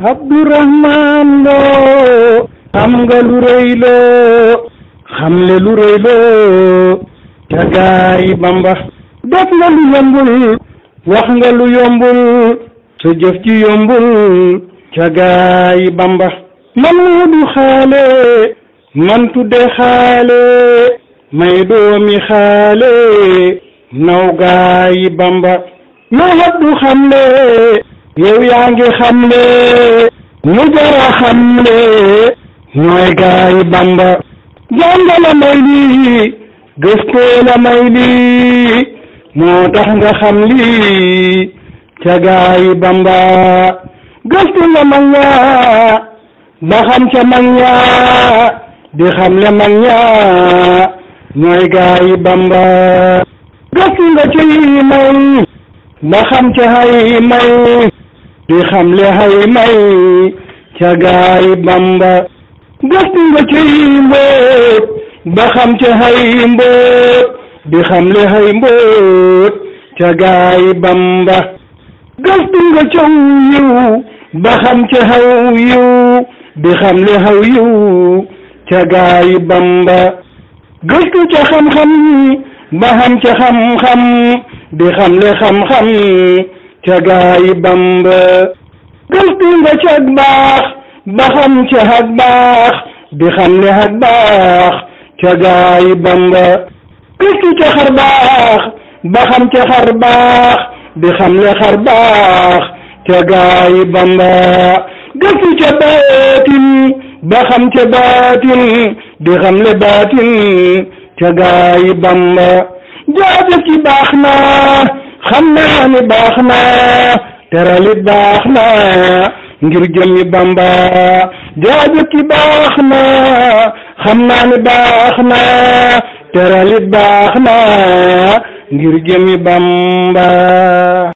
Abdu Rahmaan loo xam nga lu rëy loo xamle lu rëy loo ca Bamba def nga lu yombul wax nga lu yombul sa jëf ci yombul ca gaay Bamba man mu xaale man tudde xaale may doomi xaale naw gaay Bamba ma yab du xamle yow yaa ngi xamle lu jara xamle ñooy gaay bamba jànga la may lii gëstoo la may lii moo tax nga xam lii ca gaay bamba gëstu la mag ñaa ba xam ca mag ñaa di xam le mag ñaa ñooy gaay bamba gëstu nga ci may ba xam ca hay may di xamle hay may ca gaay bamba gëstu nga ca yi mbóot ba xam ca hay mbóot di xamle hay mbóot ca gaay bamba gëstu nga ca yiw ba xam ca xaw yiw di xamle xaw yiw ca gaay bamba gëstu ca xam-xam ba xam ca xam-xam di xamle xam-xam cagaayi bamba gëstu nga ci baax ba xam ci ak baax di xam ne ak baax cagaayi bamba gëstu ca xar baax ba xam ca xar baax di xam ne xar baax cagaayi bamba gëstu ca baatin ba xam ca baatin di xam ne baatin cagaayi bamba jaajëf baax naa xam naa ni baax na teralit baax na ngir jëmmi bamba jaaju baax na xam naa ni baax na teralit baax na ngir jëmmi bamba